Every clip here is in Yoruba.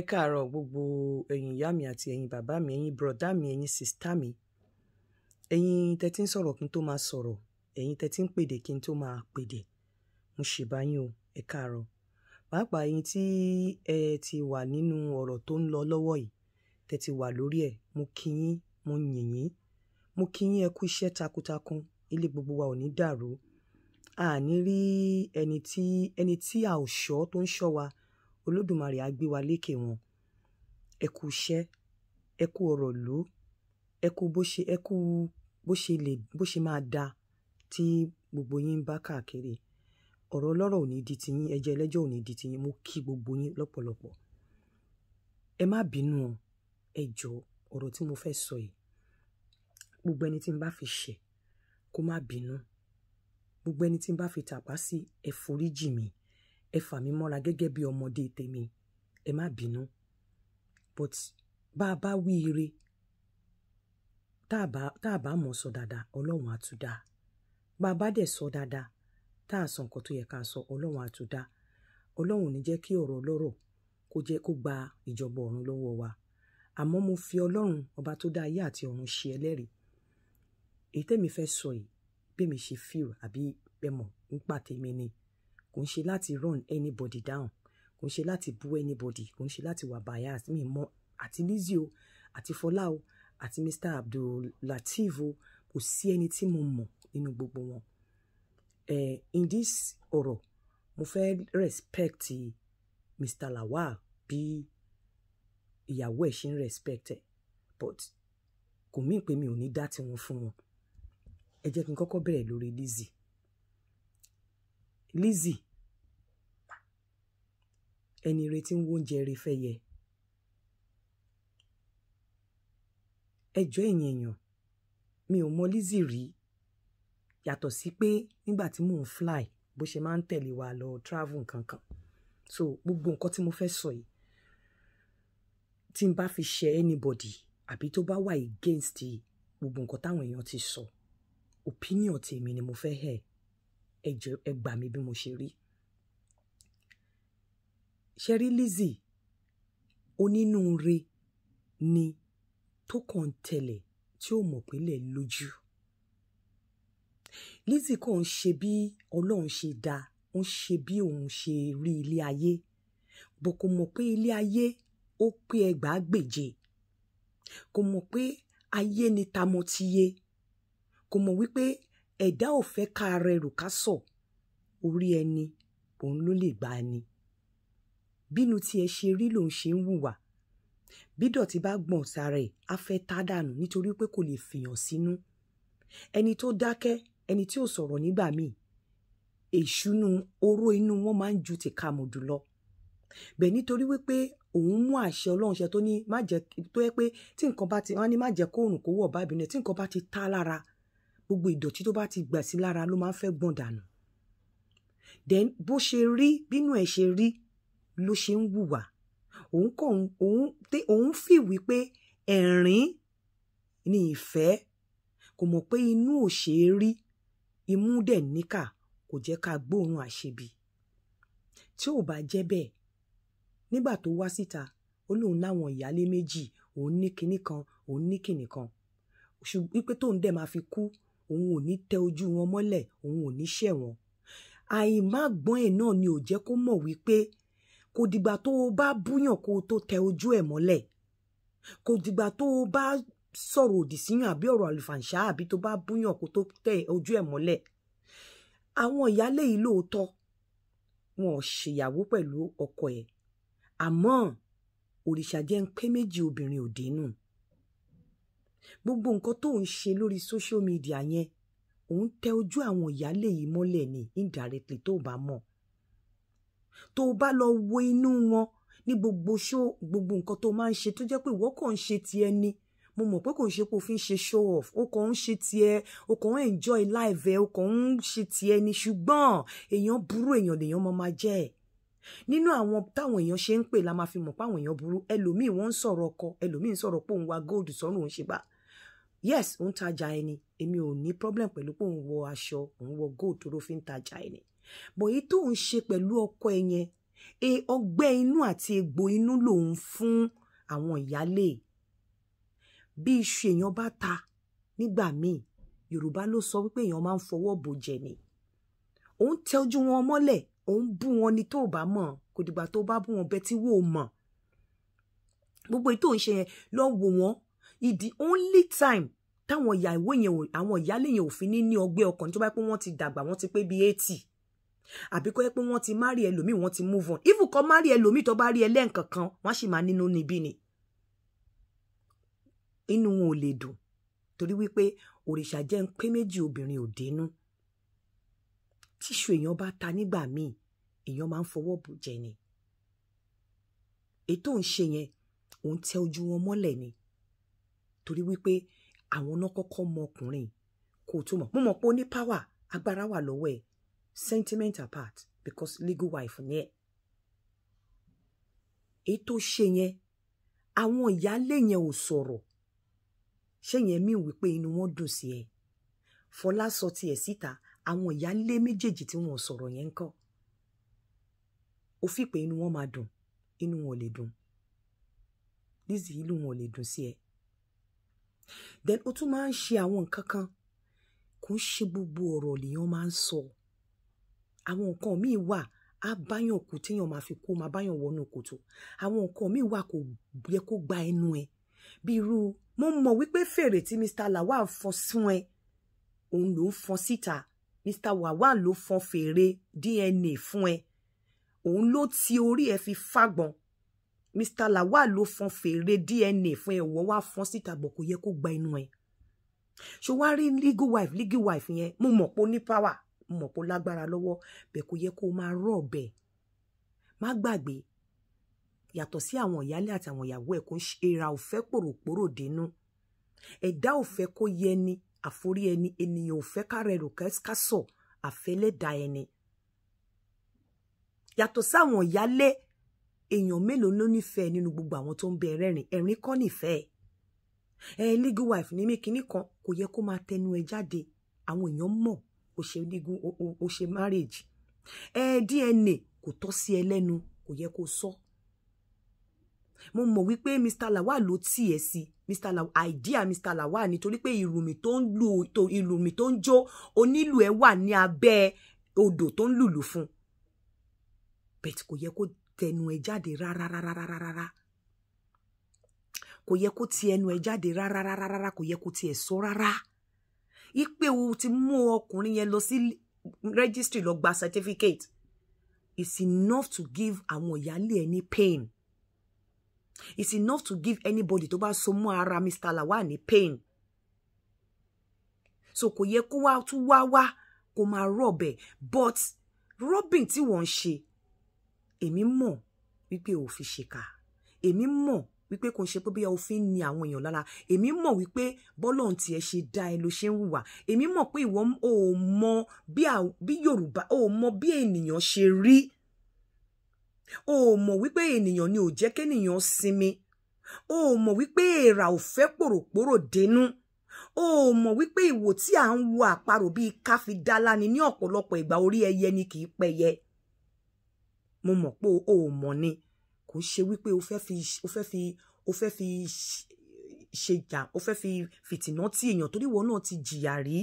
ẹ káàárọ̀ gbogbo ẹ̀yin ìyá mi àti ẹ̀yin bàbá mi ẹ̀yin bùrọ̀dá mi ẹ̀yin sìstá mi ẹ̀yin tẹ́tí ń sọ̀rọ̀ kí n tó máa sọ̀rọ̀ ẹ̀yin tẹ́tí ń pèdè kí n tó máa pèdè mo ṣèbá yín o ẹ káàárọ̀ pàápàá ẹ̀yin tí ẹ ti wà nínú ọ̀rọ̀ tó ń lọ lọ́wọ́ yìí tẹ́ wà lórí ẹ̀ mo kí yín mo yìn yín mo kí yín ẹ kú iṣẹ́ takuntakun ilé gbogbo wa ò ní dàrú àní rí ẹni tí ẹni tí a ò ṣọ́ tó ń ṣọ́ wa olódùmarè á gbé wa lékè wọn ẹ kú iṣẹ́ ẹ kú ọ̀rọ̀ ló ẹ kú bó ṣe ẹ kú bó ṣe lè bó ṣe máa da tí gbogbo yín ń bá káàkiri ọ̀rọ̀ ọlọ́rọ̀ ò ní di tiyín ẹjẹ́ ẹlẹ́jọ́ ò ní di tiyín mo kí gbogbo yín lọ́pọ̀lọpọ̀ ẹ má bínú o ẹ tí mo fẹ́ sọ yìí gbogbo ẹni tí n bá fi ṣẹ̀ kó má bínú gbogbo ẹni tí n bá fi tàpá sí ẹ foríjì mi ẹ fà mí mọ́ra gẹ́gẹ́ bí ọmọdé tèmi ẹ má bínú but bá a bá wí ire tá a bá mọ̀ sọ dáadáa ọlọ́run á tún dáa bá a bá dẹ̀ sọ dáadáa tá a sọ nǹkan tó yẹ ká sọ ọlọ́run á tún dáa ọlọ́run ò ní jẹ́ kí ọ̀rọ̀ ọlọ́rọ̀ kó jẹ́ kó gba ìjọba ọ̀run lọ́wọ́ wa àmọ́ mo fi ọlọ́run ọba tó dá ayé àti ọ̀run ṣe ẹlẹ́rìí èyí tẹ́mi fẹ́ sọ yìí bí mi ṣe fíl àbí ẹ mọ̀ nípa tèmi ni kò ń ṣe láti run anybody down kò ń ṣe láti bú anybody kò ń ṣe láti wà bias mi mọ àti Lizzy o àti Fọlá o àti Mr Abdul Lateef o kò sí ẹni tí mo mọ̀ nínú gbogbo wọn eh, in this ọ̀rọ̀ mo fẹ́ respect Mr Lawal bí ìyàwó ẹ̀ ṣe ń respect ẹ̀ but kò mí pé mi ò ní dá tiwọn fún wọn ẹ jẹ́ kí n kọ́kọ́ bẹ̀rẹ̀ lórí Lizzy Lizzie, ẹni retí ń wo oúnjẹ rẹ fẹ́ yẹ. ẹjọ́ ẹ̀yìn èèyàn mi ò mọ Lizzy rí yàtọ̀ sí pé nígbà tí mò ń fly bó ṣe máa ń tẹ̀lé wa lọ travel nǹkan so gbogbo nǹkan tí mo fẹ́ sọ yìí tí n bá fi ṣe anybody àbí tó bá wà against gbogbo nǹkan táwọn èèyàn ti sọ opinion tèmi ni mo fẹ́ hear ẹ̀jẹ̀ ẹ gbà mí bí mo ṣe rí ṣe Lizzy onínúure ni tó kàn tẹ̀lẹ̀ tí ó mọ̀ pé lẹ̀ lójú Lizzy kàn ń ṣe bí Ọlọ́run ṣe dá ń ṣe bí òun ṣe rí ilé ayé bó kò mọ̀ pé ilé ayé ó pé ẹgbàá gbèje kò mọ̀ pé ayé ni tamọ́tiyé kò mọ̀ wípé ẹ̀dá ò fẹ́ ká rẹrù ká sọ orí ẹni òun ló lè gba ni bínú tí ẹ ṣe rí lòun ṣe ń hùwà bí dọ̀tí bá gbọ̀n sára ẹ̀ á fẹ́ tá dànù nítorí pé kò lè fìyàn sínú ẹni tó dákẹ́ ẹni tí ò sọ̀rọ̀ nígbà míì èṣúnú oró inú wọn máa ń ju tìkamùdù lọ bẹ̀ nítorí wípé òun mú àṣẹ ọlọ́run ṣe tó ní má jẹ́ tó yẹ pé tí nǹkan bá ti wọ́n ní má jẹ́ kóòrùn kó wọ̀ bábí ni tí nǹkan bá ti tá lára gbogbo ìdọ̀tí tó bá ti gbà sí lára ló máa ń fẹ́ gbọ̀n dànù then bó ṣe rí bínú ẹ̀ ṣe rí ló ṣe ń wùwà òun kọ̀ òun tẹ òun fi wípé ẹ̀rín ni ìfẹ́ kò mọ̀ pé inú ò ṣe é rí imú dẹ̀ níkà kò jẹ́ ká gbóòórùn àṣebi tí ò bá jẹ́ bẹ́ẹ̀ nígbà tó wá síta ó lóun láwọn ìyálé méjì òun ní kinní kan òun ní kinní kan wípé tóun dẹ̀ máa fi kú òun ò ní tẹ ojú wọn mọ́lẹ̀ òun ò ní ṣẹ̀ wọn àìmágbọ́n ẹ̀ náà ni ò jẹ́ kó mọ̀ wípé kò dìgbà tó o bá búyàn kó o tó tẹ ojú ẹ̀ mọ́lẹ̀ kò dìgbà tó o bá sọ̀rọ̀ òdì síyàn àbí ọ̀rọ̀ àlùfàǹṣá àbí tó bá búyàn kó tó tẹ ojú ẹ̀ mọ́lẹ̀ àwọn ìyálé yìí lóòótọ́ wọn ò ṣèyàwó pẹ̀lú ọkọ ẹ̀ àmọ́ òrìṣà jẹ́ ń pé méjì obìnrin ò gbogbo nǹkan tó ń ṣe lórí social media yẹn òun tẹ ojú àwọn ìyáálé yìí mọ́lẹ̀ ni indirectly tó bá mọ̀ tó bá lọ wo inú wọn ní gbogbo ṣó gbogbo nǹkan tó máa ń ṣe tó jẹ́ pé ìwọ kàn ń ṣe ti ẹni mo mọ̀ pé kò ń ṣe pé fi ń ṣe show off o kàn ń ṣe tiẹ̀ o kàn ń enjoy life ẹ o kàn ń ṣe tiẹ̀ ni ṣùgbọ́n èèyàn burú èèyàn lèèyàn máa máa jẹ́ ẹ̀ nínú àwọn táwọn èèyàn ṣe ń pè la máa fi mọ̀ páwọn èèyàn burú ẹlòmíì wọ́n ń sọ̀rọ̀ ọkọ ẹlòmíì ń sọ̀rọ̀ pé òun wa góòdù sọ́run òun ṣe bá yes ó ń tajà ẹni èmi ò ní problem pẹ̀lú pé òun wọ aṣọ òun wọ gold tó ló fi ń tajà ẹni bọ̀ èyí tó ń ṣe pẹ̀lú ọkọ ẹ yẹn e ọgbẹ́ inú àti egbò inú lòun fún àwọn ìyálé bí iṣu èèyàn bá ta nígbà míì yorùbá ló sọ wípé èèyàn máa ń fọwọ́ bò jẹ ni òun tẹ ojú wọn mọ́lẹ̀ òun bú wọn ni tó bá mọ̀ kò dìgbà tó bá bú wọn bẹ́ẹ̀ tí wò mọ̀ gbogbo ètò ìṣe yẹn lọ wò wọ́n it's the only time táwọn ìyàwó yẹn àwọn ìyálé yẹn ò fi ní ní ọgbẹ́ ọkàn tó bá pé wọ́n ti dàgbà wọ́n ti pé bíi eighty àbí kọ́ pé wọ́n ti marry ẹlòmíì wọ́n ti move on even kọ́ marry ẹlòmíì tó bá rí ẹlẹ́ǹkan kan wọ́n sì máa nínú níbí ni inú wọn ò lè dùn torí wípé òrìṣà jẹ́ ń pé méjì obìnrin ò dénú tíṣù èèyàn bá ta nígbà míì èèyàn máa ń fọwọ́ bò jẹ ni ètò ń ṣe yẹn òun tẹ ojú wọn mọ́lẹ̀ ni torí wípé àwọn náà kọ́kọ́ mọ ọkùnrin kò tó mọ̀ mo mọ̀ pé ó ní power agbára wà lọ́wọ́ ẹ̀ sentiment apart because legal wife ni ẹ̀ èyí tó ṣe yẹn àwọn ìyáálé yẹn ò sọ̀rọ̀ ṣé yẹn mí wípé inú wọn dùn sí ẹ Fọlá sọ tiẹ̀ síta àwọn ìyáálé méjèèjì tí wọn ò sọ̀rọ̀ yẹn ń kọ́ òfin pé inú wọn máa dùn inú wọn ò lè dùn Lizzy ìlú wọn ò lè dùn sí ẹ then o tún máa ń ṣe àwọn nǹkan kan kò ń ṣe gbogbo ọ̀rọ̀ lèèyàn máa ń sọ àwọn nǹkan míì wà á báyàn kù téèyàn máa fi kú máa báyàn wọnú kòtò àwọn nǹkan míì wà kò yẹ kó gba ẹnu ẹ bí irú mo mọ̀ wípé fèrè tí Mr. Lawa fọn sún ẹ òun ló ń fọn síta Mr. Lawal ló fọn fèrè DNA fún ẹ òun ló ti orí ẹ fi fágbọn Mr Lawal ló fọn fèrè DNA fún ẹwọ wá fọn síta bọ kò yẹ kó gba inú ẹ ṣó wá rí legal wife legal wife yẹn mo mọ̀ pé ó ní power mo mọ̀ pé ó lágbára lọ́wọ́ bẹ́ẹ̀ kò yẹ kó máa rọ̀ bẹ́ẹ̀ má gbàgbé yàtọ̀ sí àwọn ìyálé àtàwọn ìyàwó ẹ̀ kò ń ṣe era ò dínú ẹ̀dá ò fẹ́ yẹ ni àforí ẹni ènìyàn ò fẹ́ kára ẹrù ká sọ àfẹ́lẹ́dà ẹni. yàtọ̀ ìyálé èèyàn mélòó ló nífẹ̀ẹ́ nínú gbogbo àwọn tó ń bẹ ẹrẹ́rìn ẹ̀rín kọ́ nífẹ̀ẹ́ ẹ legal wife ní mí kinní kan kò yẹ kó máa tẹnu ẹ jáde àwọn èèyàn mọ̀ ó ṣe legal ó ṣe marriage ẹ DNA kò tọ́ sí ẹ lẹ́nu kò yẹ kó sọ mo mọ̀ wípé Mr. Lawal ló tì ẹ́ sí Mr. Lawal idea Mr. Lawal nítorí pé ìrùmì tó ń lu ìrùmì tó ń jó onílù ẹ wà ní abẹ́ odò tó ń lùlù fún bẹ́ẹ̀ kò yẹ kó tẹnu ẹ jáde rárá rárá rárá rárá kò yẹ kó ti ẹnu ẹ jáde rárá rárá rárá kò yẹ kó ti ẹ sọ rárá ipe o ti mú ọkùnrin yẹn lọ sí registry lọ gba certificate it's enough to give àwọn ìyáálé ẹ ní pain it's enough to give anybody tó bá so mọ́ ara Mr. Lawal ní pain so kò yẹ kó wá tún wá wá kó máa rọ̀bẹ̀ but rubbing tí wọ́n ń ṣe èmi mọ̀ wípé ò fi ṣèkà èmi mọ̀ wípé kò ń ṣe pé bí òfin ni àwọn èèyàn lára èmi mọ̀ wípé bọ́lọ̀n tiẹ̀ ṣe dá ẹ ló ṣe ń hùwà èmi mọ̀ pé ìwọ ò mọ̀ bí Yorùbá ò mọ̀ bí ènìyàn ṣe rí o mọ̀ wípé ènìyàn ni ò jẹ́ kéèyàn sinmi o mọ̀ wípé èèrà ò fẹ́ pòròpórò dénú o mọ̀ wípé ìwò tí à ń wo àparò bíi káfíńdálá ni ní ọ̀pọ̀lọpọ̀ ìgbà orí ẹyẹ ni kì í pẹyẹ mo mọ̀ pé o ò mọ̀ ni kò ṣe wípé o fẹ́ fi o fẹ́ fi o fẹ́ fi ṣe jà o fẹ́ fi fìtìnà tí èèyàn torí wọn náà ti jìyà rí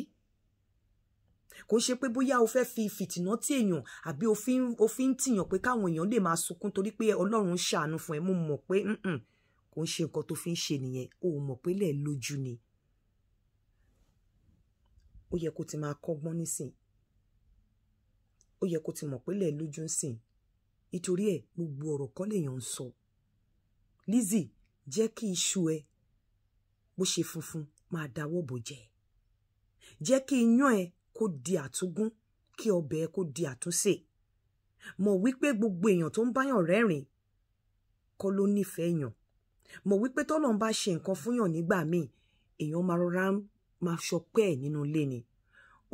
kò ṣe pé bóyá o fẹ́ fi fìtìnà tí èèyàn àbí o fi ń tìyàn pé káwọn èèyàn lè máa sunkún torí pé ọlọ́run ṣàánú fún ẹ mo mọ̀ pé kò ń ṣe nǹkan tó fi ń ṣe nìyẹn o mọ̀ pé lẹ̀ lójú ni ó yẹ kó ti máa kọ́gbọ́n nísìn ó yẹ kó ti mọ̀ pé lẹ̀ lójú ń nítorí ẹ̀ gbogbo ọ̀rọ̀ kọ́ lèèyàn ń sọ Lizzy jẹ́ kí iṣu ẹ bó ṣe funfun máa dáwọ́ bò jẹ jẹ́ kí iyán ẹ kó di àtúngún kí ọbẹ̀ ẹ kó di àtúnṣe mọ̀ wípé gbogbo èèyàn tó ń báyàn rẹ́rìn kọ́ ló nífẹ̀ẹ́ èèyàn mọ̀ wípé tọ́lọ́ ń bá ṣe nǹkan fúnyàn nígbà míì èèyàn máa rọra máa ṣọpẹ́ ẹ̀ nínú ilé ni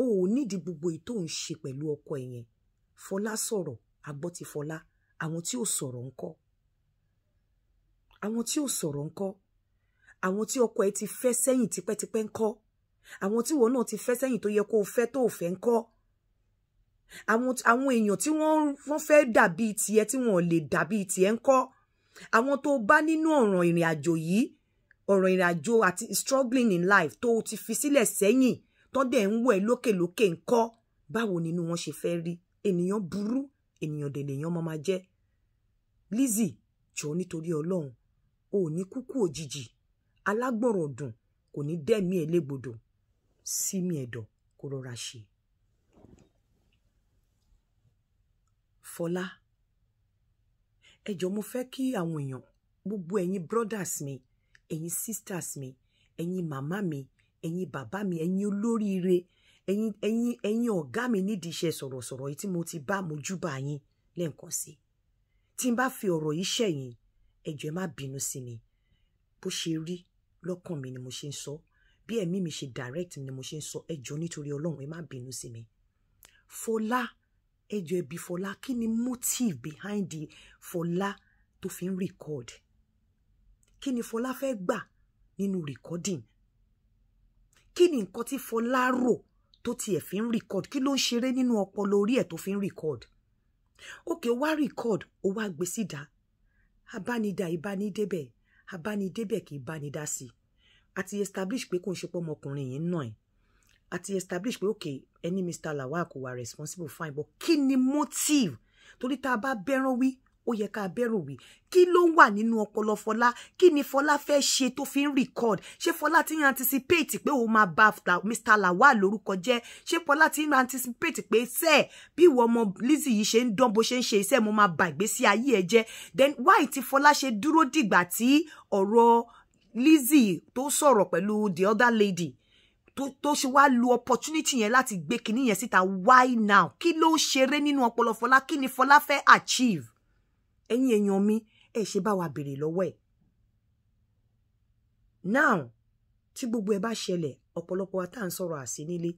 o ò nídìí gbogbo èyí tó ń ṣe pẹ̀lú ọkọ ẹ̀ yẹn fọlá sọ̀rọ̀ agbọ́ ti Fọlá àwọn tí ò sọ̀rọ̀ ńkọ́ àwọn tí ò sọ̀rọ̀ ńkọ́ àwọn tí ọkọ ẹ ti fẹ́ sẹ́yìn tipẹ́tipẹ́ ńkọ́ àwọn tí wọn náà ti fẹ́ sẹ́yìn tó yẹ kó o fẹ́ tó o fẹ́ ńkọ́ àwọn èèyàn tí wọ́n fẹ́ dàbí tiẹ̀ tí wọ́n lè dàbí tiẹ̀ ńkọ́ àwọn tó bá nínú ọ̀ràn ìrìn àjò yìí ọ̀ràn ìrìn àjò àti struggling in life tó o ti fi sílẹ̀ sẹ́yìn tó dẹ̀ ń wọ̀ ẹ́ lókèlókè ńkọ́ báwo nínú wọn ṣe fẹ́ rí ènìyàn burú ènìyàn dèlè yan máa máa jẹ́ Lizzy jọ nítorí ọlọ́run o ò ní kúkú òjijì alágbọ̀rọ̀ dùn kò ní dẹ́mi ẹ̀ légbodò sími ẹ̀dọ̀ kó rọra ṣe. fọlá ẹ jọ̀ọ́ mo fẹ́ kí àwọn èèyàn gbogbo ẹ̀yin brothers mi ẹ̀yin sisters mi ẹ̀yin màmá mi ẹ̀yin bàbá mi ẹ̀yin olóríire ẹ̀yin ẹ̀yin ẹ̀yin ọ̀gá mi nídìí iṣẹ́ sọ̀rọ̀sọ̀rọ̀ yìí tí mo ti bá mojúbà yín lẹ́ǹkan sí tí n bá fi ọ̀rọ̀ yìí ṣẹ̀yìn ẹ̀jọ̀ ẹ má bínú sí mi bó ṣe rí lọ́kàn mi ni mo ṣe ń sọ bí ẹ̀mí mi ṣe direct ni mo ṣe ń sọ ẹ̀jọ̀ nítorí ọlọ́run ẹ má bínú sí mi Fọlá ẹ̀jọ̀ ẹbí Fọlá kí ni motive behind the Fọlá tó fi ń record kí ni Fọlá fẹ́ gbà nínú recording kí ni nǹkan tí Fọlá rò tó tiẹ̀ fi ń record kí ló ń ṣeré nínú ọpọlọ orí ẹ̀ tó fi ń record òkè wá record ó wá gbé síta abánidá ìbánidébẹ̀ abánidébẹ̀ kì í bánidá sí àti establish pé kò ń ṣe pé ọmọkùnrin yìí ń nà àti establish pé òkè ẹni Mr. Lawal kò wà responsible fine but kí ni motive torí tá a bá bẹ́rán wí ó yẹ ká bẹ̀rù wí kí ló ń wà nínú ọpọlọ fọlá kí ni fọlá fẹ́ ṣe tó fi ń record ṣé fọlá ti ń anticipate pé òun máa ba Mr Lawal lórúkọ jẹ́ ṣé fọlá ti ń anticipate pé sẹ́ẹ̀ bí ìwọ ọmọ Lizzy yìí ṣe ń dán bó ṣe ń ṣe iṣẹ́ mo máa ba ìgbésí ayé ẹ jẹ́ then why ti fọlá ṣe dúró dìgbà tí ọ̀rọ̀ Lizzy tó sọ̀rọ̀ pẹ̀lú the other lady tó tó ṣe wá lu opportunity yẹn láti gbé kinní yẹn síta why now kí ló ṣeré nínú ọpọlọ fọlá kí ni fọlá fẹ́ achieve ẹ̀yin èèyàn mi ẹ ṣe bá wa béèrè lọ́wọ́ ẹ̀. now tí gbogbo ẹ bá ṣẹlẹ̀ ọ̀pọ̀lọpọ̀ wa tá à ń sọ̀rọ̀ àsí nílé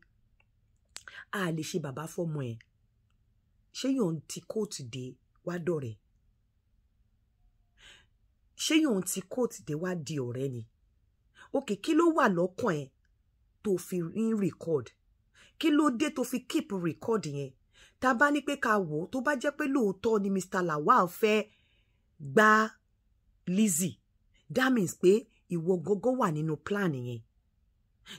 a lè ṣe bàbá fọmọ ẹ̀ ṣé yóò ti kóòtù dé wá dọ̀rẹ́ ṣé yóò ti kóòtù dé wá di ọ̀rẹ́ ni òkè kí ló wà lọ́kàn ẹ̀ tó fi ń record kí ló dé tó fi keep record yẹn tá bá ní pé ká wò ó tó bá jẹ́ pé lóòótọ́ ni Mr. Lawal fẹ́ gba Lizzy that means pé ìwọ gógó wà nínú plan yẹn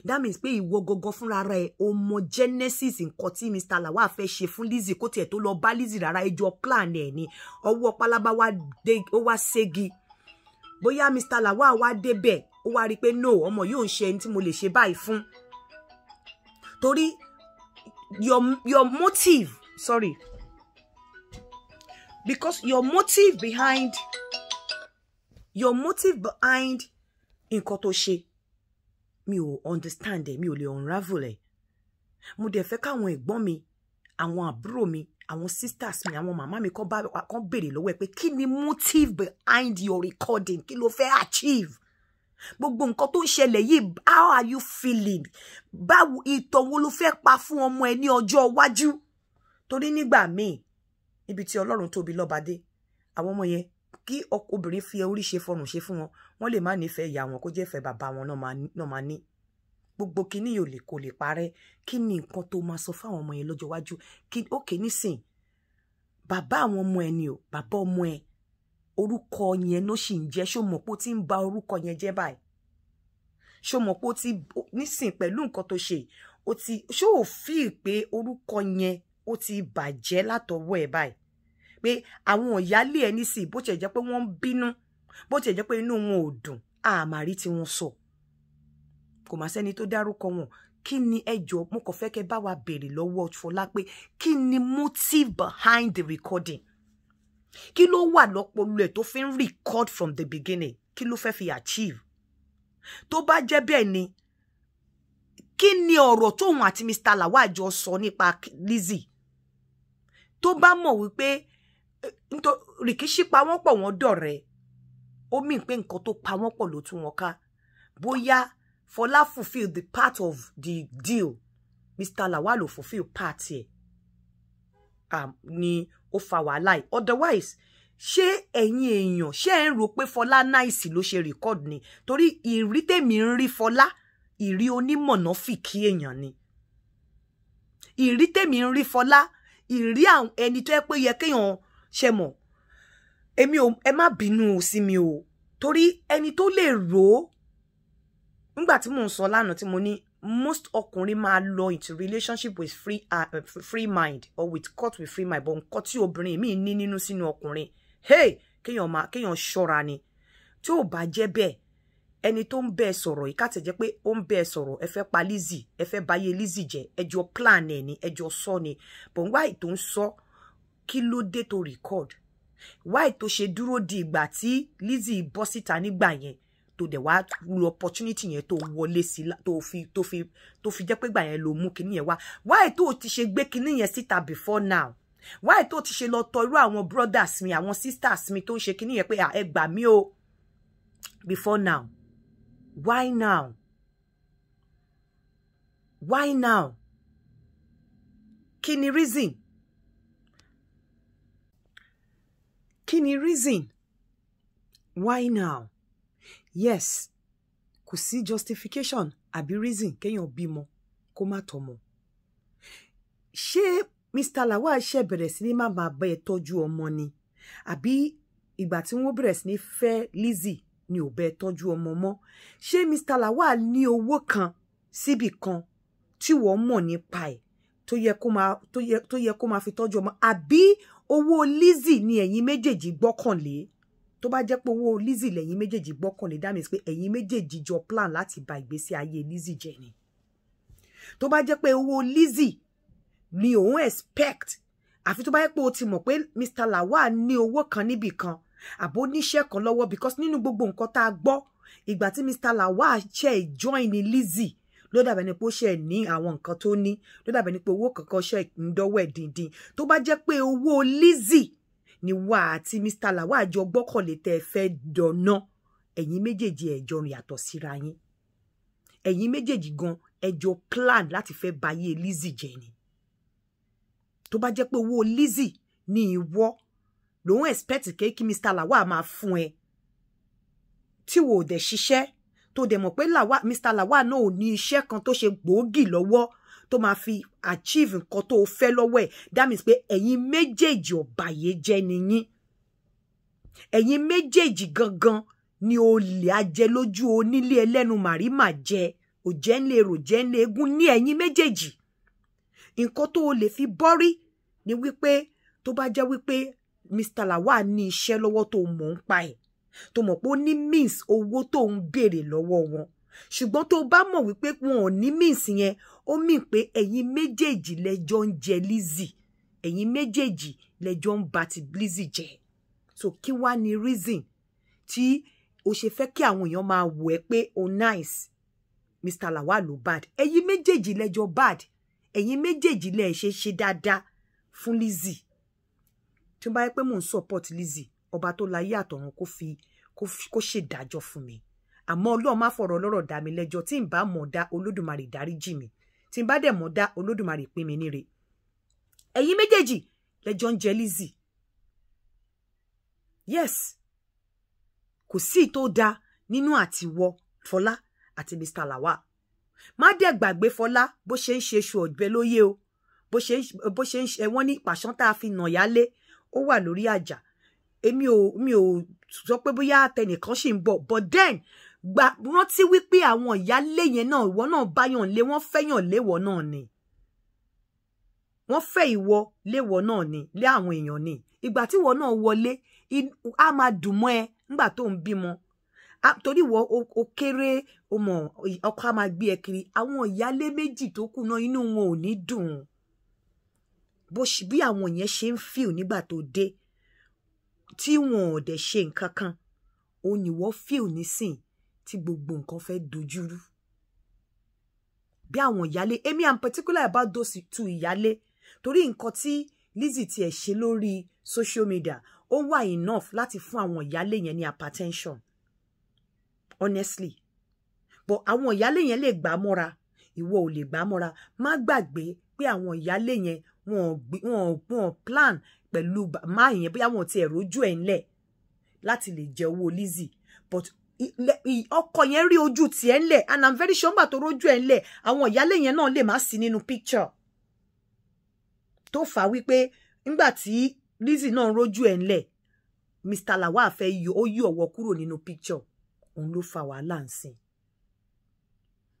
that means pé ìwọ gógó fúnra rẹ o mọ genesis nǹkan tí Mr. Lawal fẹ́ ṣe fún Lizzy kó tiẹ̀ tó lọ bá Lizzy rárá ẹjọ́ plan ẹ̀ ni ọwọ́ pálábá wá ségi bóyá Mr. Lawal wá débẹ̀ ó wá rí i pé no ọmọ yóò ń ṣe ẹni tí mo lè ṣe báyìí fún torí your your motive sorry because your motive behind your motive behind nǹkan tó ṣe mi ò understand ẹ mi ò lè unravel ẹ mo dẹ̀ fẹ́ káwọn ẹ̀gbọ́n mi àwọn àbúrò mi àwọn sisters mi àwọn màmá mi kan béèrè lọ́wọ́ ẹ pé kí ni motive behind your recording kilo fe achieve gbogbo nǹkan tó ń ṣẹlẹ̀ yìí how are you feeling báwo ìtàn wo ló fẹ́ pa fún ọmọ ẹ ní ọjọ́ iwájú torí nígbà míì níbi tí ọlọ́run tóbi lọ́ba dé àwọn ọmọ yẹn kí obìnrin fi orí ṣe fọrùn ṣe fún wọn wọn lè má nífẹ̀ẹ́ ìyá wọn kó jẹ́ fẹ́ bàbá wọn náà máa ní gbogbo kínní yóò lè kó lè parẹ́ kí ni nǹkan tó máa sọ fáwọn ọmọ yẹn lọ́jọ́ iwájú kí ókè nísìn bàbá àwọn ọmọ ẹ ni o bàbá ọmọ ẹ orúkọ yẹn ló sì ń jẹ́ ṣó mọ̀ pé ó ti ń ba orúkọ yẹn jẹ́ báyìí ṣó mọ̀ pé ó ti nísìn pẹ̀lú nǹkan tó ṣe ó ti ṣó ò fíì pé orúkọ yẹn ó ti bàjẹ́ látọwọ́ ẹ̀ báyìí pé àwọn ìyáálé ẹni sì bó tiẹ̀ jẹ́ pé wọ́n ń bínú bó tiẹ̀ jẹ́ pé inú wọn ò dùn àmàrí tí wọ́n sọ kò má sẹ́ni tó dárúkọ wọn kí ni ẹjọ́ mo kàn fẹ́ kẹ́ bá wa béèrè lọ́wọ́ Fọlá pé kí ni motive behind the recording kí ló wà lọ́pọlọ ẹ̀ tó fi ń record from the beginning kí ló fẹ́ fi achieve tó bá jẹ́ bẹ́ẹ̀ ni kí ni ọ̀rọ̀ tóun àti Mr. Lawal jọ sọ nípa Lizzy tó bá mọ̀ wípé eh, rìkíṣí pa wọ́n pọ̀ wọ́n dọ̀rẹ́ ó mì pé nǹkan tó pa wọ́n pọ̀ ló tú wọn ká bóyá Fọlá fulfil the part of the deal Mr. Lawalo ò fulfil part ẹ̀ um, ni ó fa wàhálà yìí otherwise ṣé ẹ̀yin èèyàn ṣé ẹ̀ ń rò pé Fọlá náìsì ló ṣe rìkọ́dù ni torí ìrí tèmi ń rí Fọlá ìrí onímọ̀nà fìkì èèyàn ni ìrí tèmi ń rí Fọlá ìrí ẹni tó yẹ pé yẹ kéèyàn ṣe mọ̀ èmi ò ẹ má bínú sí mi o torí ẹni tó lè rò ó nígbà tí mò ń sọ lánàá tí mo ní most ọkùnrin máa lọ into relationship with free, uh, free mind or with cut with free mind but nǹkan tí obìnrin mi ní nínú sínú ọkùnrin hey kéèyàn máa kéèyàn ṣọ́ra ni tí ò bá jẹ́ bẹ́ẹ̀ ẹni tó ń bẹ ẹ sọ̀rọ̀ yìí kàtẹ̀jẹ́ pé ó ń bẹ ẹ sọ̀rọ̀ ẹ fẹ́ pa Lizzy ẹ fẹ́ báyé Lizzy jẹ ẹjọ́ plan ẹ̀ ni ẹjọ́ sọ ni bọ̀ ń tó ń sọ kí ló dé tó record why tó ṣe dúró di ìgbà tí Lizzy bọ́ síta nígbà yẹn tó dẹ̀ wá lu opportunity yẹn tó wọlé sí tó fi tó fi tó fi jẹ́ pé gbà yẹn ló mú kinní yẹn wá wáyé tó ti ṣe gbé kinní yẹn síta before now why tó ti ṣe lọ tọ irú àwọn brothers mi àwọn sisters mi tó ń ṣe kinní yẹn pé ẹ gbà mí o before now Why now? Why now? Kini reason? Kini reason? Why now? Yes, kò sí justification àbí reason kéèyàn bímọ kó má tọ́mọ. Ṣé Mr. Lawal ṣe bẹ̀rẹ̀ sí ní má máa bá ẹ tọ́jú ọmọ ni? Àbí ìgbà tí wọ́n bẹ̀rẹ̀ sí ní fẹ́ Lizzie ni ò bẹ́ẹ̀ tọ́jú ọmọ mọ́ ṣé Mr. Lawal ní owó kan síbì kan tí wọ́n mọ̀ nípa ẹ̀ tó yẹ kó máa tó yẹ tó yẹ kó fi tọ́jú ọmọ àbí owó Lizzy ni ẹ̀yin méjèèjì gbọ́kànlé tó bá jẹ́ pé owó Lizzy lẹ́yìn méjèèjì gbọ́kànlé that means pé ẹ̀yin méjèèjì jọ plan láti ba ìgbésí ayé Lizzy jẹ́ ni tó bá jẹ́ pé owó Lizzy ni òun expect àfi tó bá yẹ pé o ti mọ̀ pé Mr. Lawal ní owó kan níbì kan àbó níṣẹ́ kan lọ́wọ́ because nínú gbogbo nǹkan tá a gbọ́ ìgbà tí Mr Lawal ṣe join ní Lizzy ló dàbẹ̀ ni pé ó ṣe ní àwọn nǹkan tó ní ló dàbẹ̀ ni pé owó kankan ṣe ń dọ́wọ́ ẹ̀ díndín tó bá jẹ́ pé owó Lizzy ni wà àti Mr Lawal jọ gbọ́kànlé tẹ́ ẹ fẹ́ dọ̀nà ẹ̀yin méjèèjì ẹ̀jọ̀ rìn yàtọ̀ síra yín ẹ̀yin méjèèjì gan ẹjọ́ plan láti fẹ́ bayé Lizzy jẹ́ ni tó bá jẹ́ pé owó Lizzy ni ìwọ lòun expect ké kí Mr. Lawa máa fún ẹ tí wò ó dẹ̀ ṣiṣẹ́ tó dẹ̀ mọ̀ pé Mr. Lawa no ò ní iṣẹ́ kan tó ṣe gbòógì lọ́wọ́ tó máa fi achieve nǹkan tó fẹ́ lọ́wọ́ ẹ̀ that means pé ẹ̀yin méjèèjì ọ̀bàyéjẹ́ nìyín ẹ̀yin méjèèjì gangan ni olè ajẹ lójú onílé ẹlẹ́nu màrímà jẹ òjẹ́ ńlẹ̀ ròjẹ́ ńlẹ̀ eégún ní ẹ̀yin méjèèjì nǹkan tó o lè fi bọ́rí ni wípé to bá jẹ́ wípé Mr. Lawal ní iṣẹ́ lọ́wọ́ tó mọ̀ ń pa ẹ̀ tó mọ̀ pé ó ní means owó tó ń béèrè lọ́wọ́ wọn ṣùgbọ́n tó bá mọ̀ wípé wọn ò ní means yẹn ó mì pé ẹ̀yin méjèèjì lẹ́jọ́ ń jẹ Lizzy ẹ̀yin méjèèjì lẹ́jọ́ ń ba ti Lizzy jẹ so kí wá ni reason tí o ṣe fẹ́ kí àwọn èèyàn máa wò ẹ́ pé o nice Mr. Lawal ló bad ẹ̀yin méjèèjì lẹ́jọ́ bad ẹ̀yin méjèèjì lẹ ṣe ṣe dáadáa fún Lizzy tí n bá yẹ support Lizzie ọba tó láyé àtọ̀run kó fi kó ṣèdájọ́ fún mi àmọ́ Ọlọ́run má fọ̀rọ̀ lọ́rọ̀ dá mi lẹ́jọ́ tí n bá mọ̀ dá Olódùmarè dáríjì mi tí n bá dẹ̀ mọ̀ dá Olódùmarè mi níre ẹ̀yin méjèèjì lẹ́jọ́ ń jẹ Lizzie yes kò sí tó dáa nínú àtiwọ Fọlá àti Mr Lawa. má dẹ̀ gbàgbé Fọlá bó ṣe ń ṣe iṣu ọ̀gbẹ́ lóyè o bó ṣe ń ṣe wọ́n ní pàṣán tá fi nà yálé ó wà lórí àjà èmi ò mi ò sọ pé bóyá àtẹnìkan ṣì ń bọ̀ but then gba rántí wípé àwọn ìyáálé yẹn náà ìwọ náà báyàn lé wọ́n fẹ́yàn léwọ náà ni wọ́n fẹ́ ìwọ léwọ náà ni lé àwọn èèyàn ni ìgbà tí ìwọ náà wọlé a máa dùn mọ́ ẹ nígbà tó ń bímọ torí wọ o kéré o mọ ọkọ a máa gbé ẹ kiri àwọn ìyáálé méjì tó kù náà inú wọn ò ní dùn bó bí àwọn yẹn ṣe ń feel nígbà tó dé tí wọn ò dẹ̀ ṣe nǹkan kan ó ní wọ́n feel nísìn tí gbogbo nǹkan fẹ́ dojúrú bí àwọn ìyálé èmi am particular about those two ìyálé torí nǹkan tí Lizzy tiẹ̀ ṣe lórí social media ó wà enough láti fún àwọn ìyálé yẹn ní hypertension honestly but àwọn ìyálé yẹn lè gbà mọ́ra ìwọ ò lè gbà mọ́ra má gbàgbé pé àwọn ìyálé yẹn wọn ò gbé wọn ò wọn ò plan pẹ̀lú máa yẹn bóyá wọn ò tiẹ̀ rójú ẹ̀ ńlẹ̀ láti lè jẹ owó Lizzy but ọkọ yẹn rí ojú tiẹ̀ ńlẹ̀ and i'm very sure ńgbà tó rójú ẹ̀ ńlẹ̀ àwọn ìyálé yẹn náà lè má sí nínú picture tó fà wípé ńgbà tí Lizzy náà rójú ẹ̀ ńlẹ̀ Mr. Lawa fẹ́ yọ ó yí ọ̀wọ́ kúrò nínú picture òun ló fa wàhálà ń sìn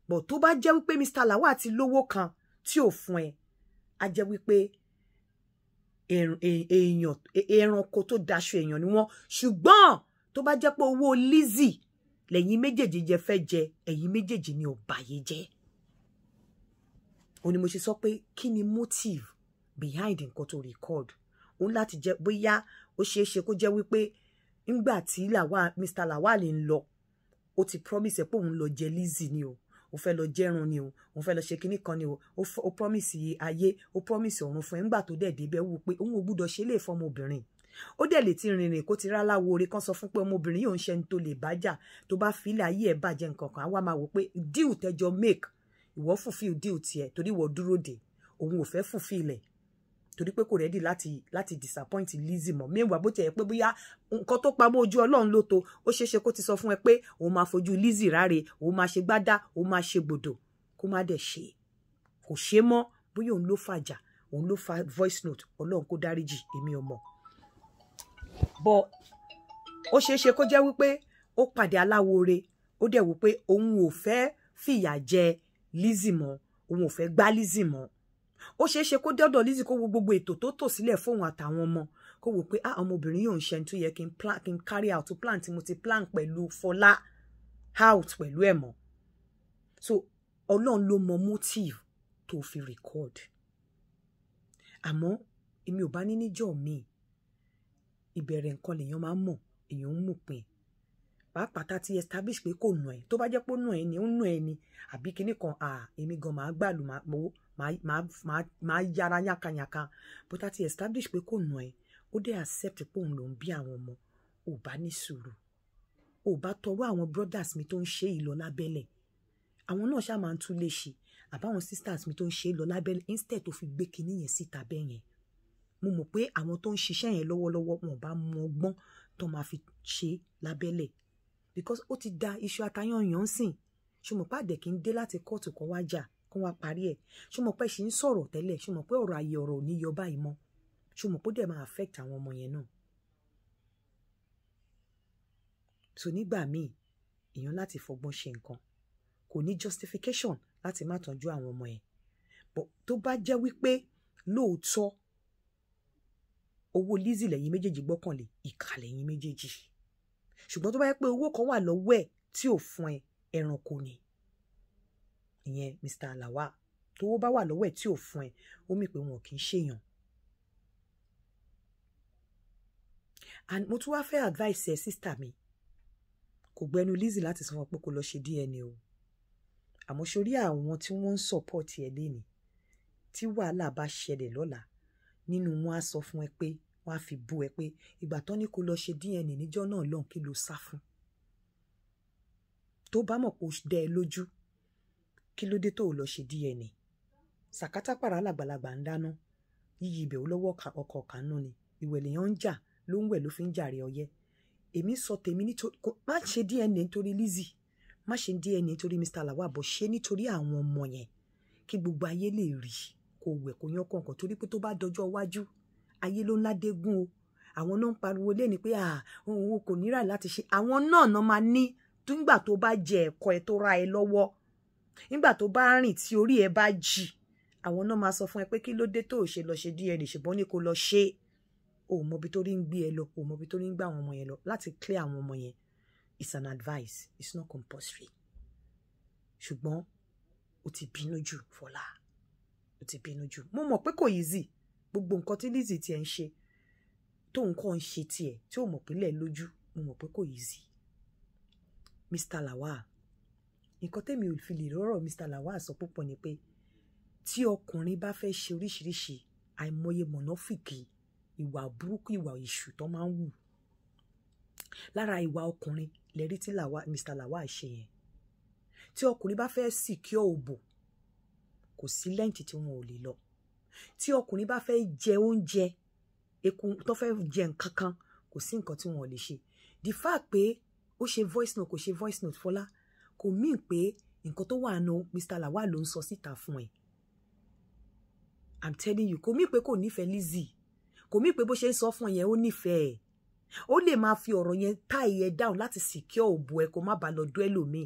bọ̀ tó bá jẹ́ wípé Mr. Lawal ti lówó kan tí ò fún ẹ a jẹ́ wípé e, èèyàn e, ẹranko tó daṣọ èèyàn ni wọ́n ṣùgbọ́n tó bá jẹ́ pé owó Lizzy lẹ́yìn méjèèjì jẹ fẹ́ jẹ ẹ̀yin méjèèjì ni ò bàyé jẹ́ òun ni mo ṣe sọ pé kí ni motive behind nǹkan tó record òun láti jẹ bóyá ó ṣeé ṣe kó jẹ́ wípé ńgbà tí Mr Lawal ń lọ ó ti promise ẹ pé òun lọ jẹ Lizzy ni o o fẹ́ lọ jẹ́run ni o o fẹ́ lọ ṣe kinní kan ni o o promise ayé o promise ọ̀run fún ẹ ńgbà tó dẹ̀ débẹ̀ wò pé òun ò gbúdọ̀ ṣe lè fọ́ ọmọbìnrin ó dẹ̀ lè ti rìnrìn kó ti rálá wo ore kan sọ fún pé ọmọbìnrin yóò ń ṣe ń tó lè bájà tó bá filẹ̀ ayé ẹ̀ bàjẹ́ nǹkan kan àwa máa wò pé deal tẹjọ make ìwọ fulfill deal tiẹ̀ torí ìwọ dúró dè òun ò fẹ́ fulfill ẹ̀ torí pé kò rẹ́dì láti láti disappoint Lizzy mọ́ mẹ́wàá bó ti yẹ pé bóyá nǹkan tó pamọ́ ojú ọlọ́run ló to ó ṣeéṣe kó ti sọ fún ẹ pé òun máa fojú Lizzy ráre òun máa ṣe gbádá òun máa ṣe gbòdò kó má dẹ̀ ṣe kò ṣe mọ́ bóyá òun ló fàjà òun ló fa voice note ọlọ́run kó dáríjì èmi ò mọ̀ bọ́ ó ṣeéṣe kó jẹ́ wípé ó pàdé aláwòore ó dẹ̀ wò pé òun ò fẹ́ fìyà jẹ Lizzy mọ́ òun ò fẹ́ gbá Lizzy mọ́ ó ṣeé ṣe kó dọ́dọ̀ Lizzy kó wo gbogbo ètò tó tò sílẹ̀ fóun àtàwọn ọmọ kó wò pé ah ọmọbìnrin yóò ń ṣe tó yẹ plan kí carry out plan tí mo ti plan pẹ̀lú Fọlá out pẹ̀lú ẹ̀ so Ọlọ́run ló mọ motive tó fi record amo èmi ò bá ní níjọ́ mi ìbẹ̀rẹ̀ nǹkan lèèyàn máa ń mọ̀ èèyàn ń mọ̀pin pàápàá tá ti establish pé kò nù ẹ́ tó bá jẹ́ pé ó nù ni ó nù ẹ́ ni àbí kinní kan èmi gan máa gbàlù máa pọ̀ màá yára yánkanyànkan bó tá ti establish pé kò nù ẹ́ ó dẹ̀ accept pé òun ló ń bí àwọn ọmọ ò bá ní sùúrù ò bá tọrọ àwọn brothers mi tó ń ṣe ìlọ lábẹ́lẹ̀ àwọn náà ṣáà máa ń tún lè ṣe àbáwọn sisters mi tó ń ṣe ìlọ lábẹ́lẹ̀ instead tó fi gbé kinní yẹn síta bẹ́ẹ̀ yẹn mo mọ̀ pé àwọn tó ń ṣiṣẹ́ yẹn lọ́wọ́lọ́wọ́ wọn bá mú ọgbọ́n tó máa fi ṣe lábẹ́lẹ̀ because ó ti da iṣu atayanyan sìn ṣùgbọ́n pàdé kì í dé láti kóòtù kan wá jà kó wá parí ẹ̀ ṣó mọ̀ pé ṣì ń sọ̀rọ̀ tẹ́lẹ̀ ṣó mọ̀ pé ọ̀rọ̀ ayé ọ̀rọ̀ ò ní yọ báyìí mọ́ ṣó mọ̀ pé ó máa affect àwọn ọmọ yẹn náà. so nígbà míì èèyàn láti fọgbọ́n ṣe nǹkan kò ní justification láti má tọ́jú àwọn ọmọ yẹn but tó bá jẹ́ wípé lóòótọ́ owó Lizzy lẹ́yìn méjèèjì gbọ́kànlé ìkà lẹ́yìn méjèèjì ṣùgbọ́n tó bá yẹ pé owó kan wà lọ́wọ́ ẹ̀ tí ò fún ẹ ẹranko ni ìyẹn Mr. Alawa tówó bá wà lọ́wọ́ ẹ̀ tí ò fún ẹ ó mì pé wọn kì í ṣèyàn. and mo tún wá fẹ́ advice ẹ sísítà mi kò gbẹnu Lizzy láti sọ pé kó lọ ṣe DNA o àmọ́ sórí àwọn tí wọ́n ń support ẹ lénìí tí wàhálà bá ṣẹlẹ̀ lọ́la nínú wọn á sọ fún ẹ pé wọn á fi bú ẹ pé ìgbà tán ni kó lọ ṣe DNA níjọ́ náà lọ́hùn kí ló sá fún tó bá mọ̀ pé ó dẹ ẹ lójú kí ló dé tó o lọ ṣe DNA sàkátàpàrà alàgbàlagbà ń dáná yíyí ibẹ̀ ó lọ́wọ́ ọkọ̀ kanú ni ìwẹ̀ lèèyàn ń jà ló ń wẹ̀ ló fi ń jàre ọyẹ́ èmi sọ tèmi nítorí má ṣe DNA nítorí Lizzie má ṣe DNA nítorí Mr. Lawal bọ̀ ṣe nítorí àwọn ọmọ yẹn kí gbogbo ayé lè rí kó wẹ̀ kó yán kọ̀ọ̀kan torí pé tó bá dọjọ́ iwájú ayé ló ńlá dégún o àwọn náà ń pariwo lé ní pé òun kò ní láti ṣe àwọn náà náà máa ní túngbà tó bá jẹ ẹ̀kọ́ ẹ tó ra ẹ lọ́wọ́ nígbà tó bá rìn tí orí ẹ bá jì àwọn náà máa sọ fún ẹ pé kí ló dé tó o ṣe lọ ṣe DNA ṣùgbọ́n ní kó lọ ṣe o mọ ibi tó rí ń gbé ẹ lọ o mọ ibi tó rí ń gbé àwọn ọmọ yẹn lọ láti clear àwọn ọmọ yẹn it's an advice it's not compulsory ṣùgbọ́n o ti bínú jù Fọlá o ti bínú jù mo mọ̀ pé kò easy gbogbo nǹkan tí Lizzy tiẹ̀ ń ṣe tóun kàn ń ṣe tiẹ̀ tí ò mọ̀ pínlẹ̀ lójú mo mọ̀ pé kò easy Mr. Lawal nǹkan tẹ́mi ò fi lè rọ́rọ̀ Mr Lawal sọ púpọ̀ ni pé tí ọkùnrin bá fẹ́ ṣe oríṣiríṣi àìmọye mọ̀nàfìkì ìwà burúkú ìwà ìṣù tó máa ń wù lára ìwà ọkùnrin lẹ́rí tí Mr Lawal ṣe yẹn tí ọkùnrin bá fẹ́ secure òbò kò sí lẹ́ǹtì tí wọn ò lè lọ tí ọkùnrin bá fẹ́ jẹ oúnjẹ ekun tó fẹ́ jẹ nǹkan kò sí nǹkan tí wọn ò lè ṣe the fact pé ó ṣe voice note kò ṣe voice note fọlá kò mí pé nǹkan tó wà nù Mr Lawal ló ń sọ síta fún ẹ i'm telling you kò mí pé kò nífẹ̀ẹ́ Lizzy kò mí pé bó ṣe ń sọ fún yẹn ó nífẹ̀ẹ́ ó lè máa fi ọ̀rọ̀ yẹn tie ẹ down láti secure òbò ẹ kó má bàa lọ dún ẹlòmíì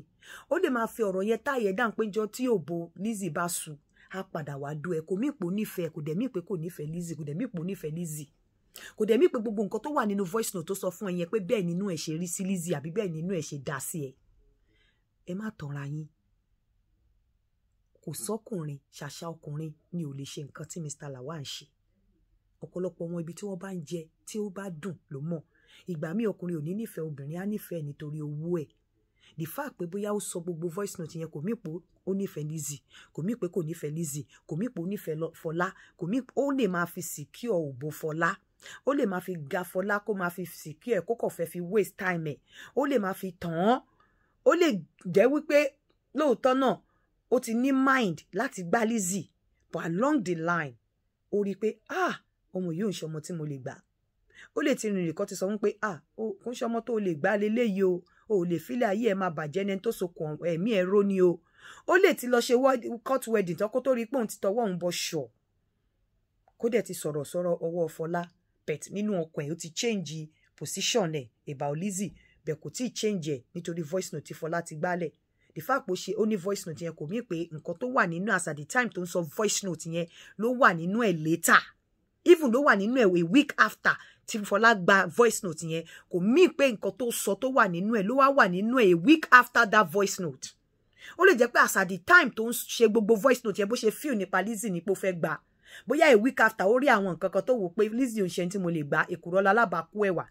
ó lè máa fi ọ̀rọ̀ yẹn tie ẹ down pé jọ tí òbò Lizzy bá su á padà wá dún ẹ kò mí pé ó nífẹ̀ẹ́ kò dẹ̀ mí pé kò nífẹ̀ẹ́ Lizzy kò dẹ̀ mí pé ó nífẹ̀ẹ́ Lizzy kò dẹ̀ mí pé gbogbo nǹkan tó wà nínú voice note tó sọ fún ẹ yẹn pé bẹ́ẹ̀ nínú ẹ̀ ṣe rí sí Lizzy àbí bẹ́ẹ̀ nínú ẹ̀ ṣe dá sí ẹ ẹ má tanra yín kò sọkùnrin ṣàṣà ọkùnrin ni ò lè ṣe nǹkan tí Mr. Lawal ń ṣe ọ̀pọ̀lọpọ̀ wọn ibi tí wọ́n bá ń jẹ tí ó bá dùn ló mọ̀ ìgbà míì ọkùnrin ò ní nífẹ̀ẹ́ obìnrin á nífẹ̀ẹ́ nítorí owó ẹ̀ the fact pé bóyá ó sọ gbogbo voice note yẹn kò mí pé ó nífẹ̀ẹ́ Lizzy kò mí pé kò nífẹ̀ẹ́ Lizzy kò mí pé ó nífẹ̀ẹ́ Fọlá kò mí ó lè máa fi sìkí òbò Fọlá ó lè máa fi ga Fọlá kó máa fi sìkí ẹ̀ fẹ́ fi waste time ẹ̀ ó lè máa fi tàn án ó lè jẹ́ wípé lóòótọ́ náà ó ti ní mind láti gbá Lizzy but along the line ó rí i pé ah ọmọ yìí ò ń ṣọmọ tí mo lè gbà ó lè ti rìnrìn kan ti sọ wípé ah ó ń ṣọmọ tó lè gbá leléyìí o ò lè fílẹ̀ ayé ẹ̀ máa bàjẹ́ ní ẹni tó sokùn ẹ̀mí ẹ̀ ró ni o ó lè ti lọ ṣe court wedding tán kó tó rí i pé òun ti tọwọ́ òun bọ ṣọ̀ kó dẹ̀ ti sọ̀rọ̀ sọ̀rọ̀ ọwọ́ Fọlá pet nínú ọkàn ẹ̀ ó ti change position ẹ̀ about Lizzy bẹ́ẹ̀ kò tí ì change ẹ̀ nítorí voice note Fọlá ti gbálẹ̀ the fact pé ó ṣe ó ní voice note yẹn kò mí pé nǹkan tó wà nínú as at the time tó ń sọ voice note yẹn ló wà nínú ẹ̀ later even ló wà nínú ẹ̀ a week after tí Fọlá gba voice note yẹn kò mí pé nǹkan tó sọ tó wà nínú ẹ̀ ló wá wà nínú ẹ̀ a week after that voice note ó lè jẹ́ pé as at the time tó ń ṣe gbogbo voice note yẹn bó ṣe feel nípa Lizzy ni pé ó fẹ́ gbà bóyá a week after ó rí àwọn nǹkan kan tó wò pé Lizzy ò ń ṣe ní tí mo lè gbà èkùrọ́ lalábàákú ẹ̀wà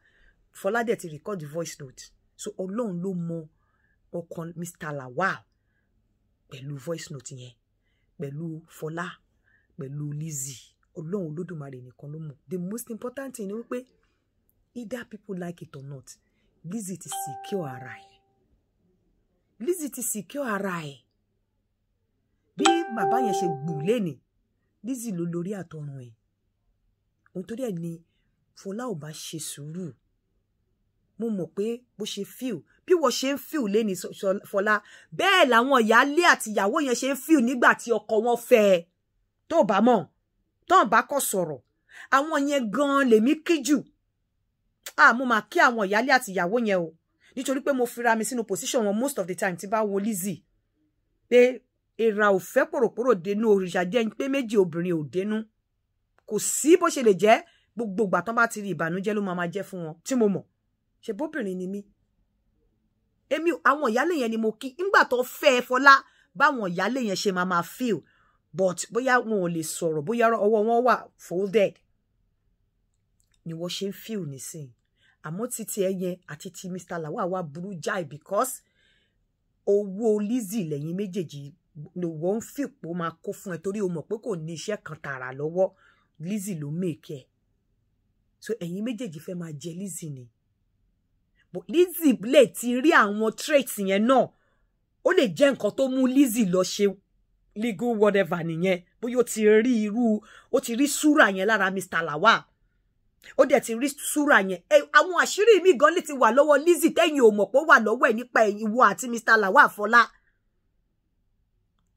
Fọládé ti record the voice note so ọlọ́run ló mọ ọkàn Mr. Lawal pẹ̀lú voice note yẹn pẹ̀lú Fọlá pẹ̀lú Lizzie ọlọ́run olódùmarè nìkan ló mọ̀ the most important thing ni wípé either people like it or not Lizzie ti secure ara ẹ̀ Lizzie ti secure ara ẹ̀ bí bàbá yẹn ṣe gbù lẹ́nìí Lizzie ló lórí àtọrun ẹ̀ nítorí ẹ̀ ni Fọlá ò bá ṣe sùúrù mo mọ̀ pé bó ṣe fíl bí wọ́n ṣe ń fíl léni Fọlá bẹ́ẹ̀ làwọn ìyáálé àti ìyàwó yẹn ṣe ń fíl nígbà tí ọkọ wọn fẹ́ ẹ tó bá mọ̀ tó bá kọ̀ sọ̀rọ̀ àwọn yẹn gan-an lèmi kí jù ah mo máa kí àwọn ìyáálé àti ìyàwó yẹn o nítorí pé mo fira mi sínú position wọn most of the time tí bá wo Lizzy pé èèrà ò fẹ́ pòròpòrò dénú òrìṣà jẹ́ pé méjì obìnrin ò dénú kò sí bó ṣe lè jẹ́ gbogbo ìgbà tán bá ti rí ìbànújẹ́ ló máa máa jẹ́ fún wọn tí mo mọ̀ ṣe bóbìnrin ni mí èmi àwọn ìyálé yẹn ni mo kí nígbà tó fẹ́ ẹ fọlá báwọn ìyálé yẹn ṣe máa máa feel but boya wọn ò lè sọ̀rọ̀ bóyá ọwọ́ wọn wà folded ni wọ́n ṣe feel ni sin. títí ẹ yẹn àti ti Mr Lawa wá burú jáì because owó Lizzie lẹ́yìn méjèèjì ni wọ́n ń fìpò ma kó fún ẹ torí o mọ̀ pé kò ní iṣẹ́ kan tààrà lọ́wọ́ Lizzie ló mèkẹ́ so ẹ̀yin méjèèjì fe ma jẹ Lizzie ni Lizzy lè ti rí àwọn traits yẹn náà ó lè jẹ́ nǹkan tó mú Lizzy lọ ṣe legal whatever nìyẹn bóyá ó ti rí irú ó ti rí súrà yẹn lára Mr. Lawal ó dẹ̀ ti rí súrà yẹn àwọn àṣírí mi gan lè ti wà lọ́wọ́ Lizzy tẹ́yìn ò mọ̀ pé ó wà lọ́wọ́ ẹ̀ nípa ìwọ àti Mr. Lawal Fọlá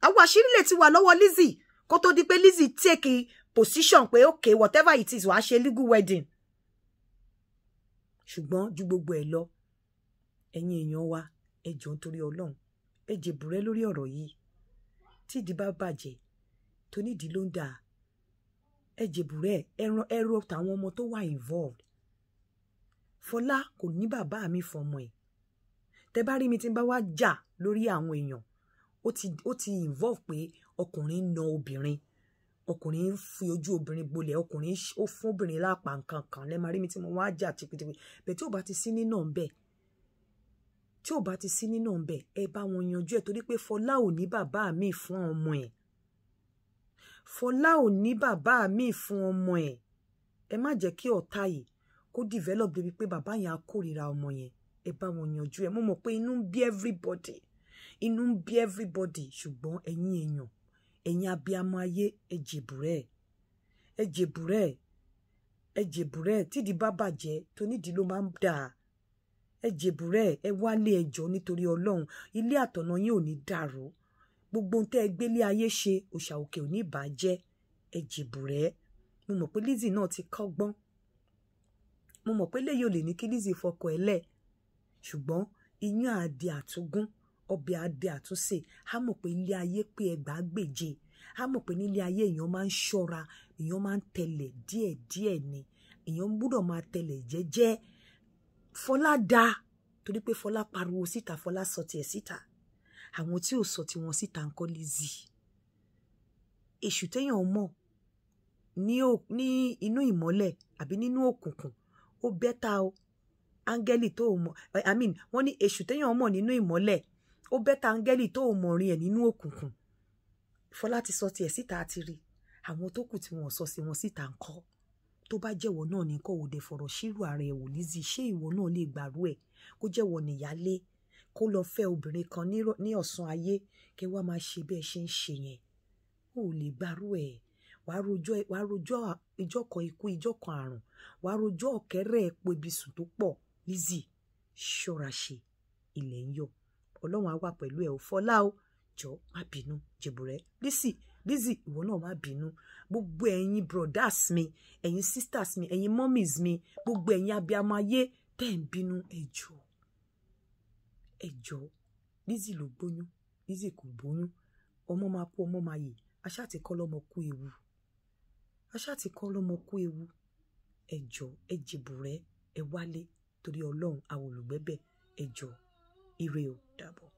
àwọn àṣírí lè ti wà lọ́wọ́ Lizzy kó tó di pé Lizzy take position pé okay whatever it is wàá ṣe legal wedding ṣùgbọ́n ju gbogbo ẹ̀ lọ ẹ̀yin èèyàn wa ẹ jọ̀ọ́ nítorí ọlọ́run ẹ jèbùrẹ́ lórí ọ̀rọ̀ yìí tí ìdí bá bàjẹ́ tonídìí ló ń dà ẹ jèbùrẹ́ ẹran ẹrọ tàwọn ọmọ tó wà involved fọlá kò ní bàbá mi fọmọ ẹ̀ tẹ bá rí mi tí n bá wá jà lórí àwọn èèyàn ó ti involve pé ọkùnrin ń na obìnrin ọkùnrin ń fi ojú obìnrin gbolẹ̀ ọkùnrin ó fún obìnrin lápá nǹkan kan lẹ́ẹ̀ máa rí mi tí mo wá jà tìpìtìpì bẹ́ẹ̀ tí ò bá ti sí nínà ń bẹ̀ tí ò bá ti sí nínà ń bẹ̀ ẹ bá wọn yanjú ẹ̀ torí pé Fọlá ò ní bàbá mi fún ọmọ ẹ̀ Fọlá ò ní bàbá mi fún ọmọ ẹ̀ ẹ má jẹ́ kí ọ̀tá yìí kó develop débi pé bàbá yẹn á kórìíra ọmọ yẹn ẹ bá wọn yanjú ẹ̀ mo mọ̀ pé inú ń bí everybody inú ń bí everybody ṣùgbọ́n ẹ̀yin èèyàn ẹ̀yin abiyamọ ayé ẹ jèbùrẹ́ ẹ jèbùrẹ́ ẹ jèbùrẹ́ tídìí bá bàjẹ́ tonídìí ló máa ń dà ẹ jèbùrẹ́ ẹ wálé ẹjọ́ nítorí ọlọ́run ilé àtọ̀nà yín ò ní dàrú gbogbo ohun tẹ́ ẹ gbélé ayé ṣe òṣà òkè ò ní bàjẹ́ ẹ jèbùrẹ́ mo mọ̀ pé Lizzy náà ti kọ́gbọ́n mo mọ̀ pé léyìí ò lè ní kí Lizzy fọkọ̀ ẹ̀ lẹ̀ ṣùgbọ́n iyán àdì àtúgún ọbẹ̀ adé àtúnṣe á mọ̀ pé ilé ayé pé ẹgbàá gbèje á mọ̀ pé nílé ayé èèyàn máa ń ṣọ́ra èèyàn máa ń tẹ̀lẹ̀ díẹ̀díẹ̀ ni èèyàn gbúdọ̀ máa tẹ̀lẹ̀ jẹ́jẹ́ fọlá da torí pé fọlá pariwo síta fọlá sọ tiẹ̀ síta àwọn tí ò sọ tiwọn síta ń kọ́ Lizzy èṣù téèyàn mọ̀ ní inú ìmọ́lẹ̀ àbí nínú òkùnkùn ó bẹ́ta o áńgẹ́lì tó o mọ̀ i mean wọ́n ní èṣù téèyàn mọ̀ nínú ìmọ́lẹ̀ ó bẹ́ta áńgẹ́lì tó mọ̀ rin ẹ̀ nínú òkùnkùn Fọlá ti sọ tiẹ̀ síta ti rí àwọn tó kù tí wọ́n sọ sí wọn síta ńkọ́ tó bá jẹ́wọ́ náà ní kọ́ òde fọ̀rọ̀ ṣírò ara ẹ̀ wò Lizzy ṣé ìwọ náà lè gbàrú ẹ̀ kó jẹ́wọ́ níyálé kó lọ fẹ́ obìnrin kan ní ọ̀sán ayé kẹ́ wá máa ṣe bẹ́ẹ̀ ṣe ń ṣe yẹn ó lè gbàrú ẹ̀ wàá rojọ́ ìjọ́ kan ikú ìjọ́ kan àrùn wàá rojọ́ ọ̀kẹ́rẹ́ epo ibi sùn tó pọ̀ Lizzy ṣọ́ra ṣe ilẹ̀ ń yọ ọlọ́run á wà pẹ̀lú ẹ̀ ò fọlá o jọ má bínú jèbùrẹ́ Lizzy Lizzy ìwọ náà má bínú gbogbo ẹ̀yin brothers mi ẹ̀yin sisters mi ẹ̀yin mummies mi gbogbo ẹ̀yin abiyamọ ayé tẹ́ ń bínú ẹ jọ̀ọ́ ẹ jọ̀ọ́ Lizzy ló gbóyún Lizzy kò gbóyún ọmọ máa kú ọmọ máa yè aṣáàtì kọ́ lọ́mọ kú ewu aṣáàtì kọ́ lọ́mọ kú ewu ẹ jọ̀ọ́ ẹ ẹ wálé torí ọlọ́run àwọn olùgbẹ́bẹ̀ ẹ ire o. double.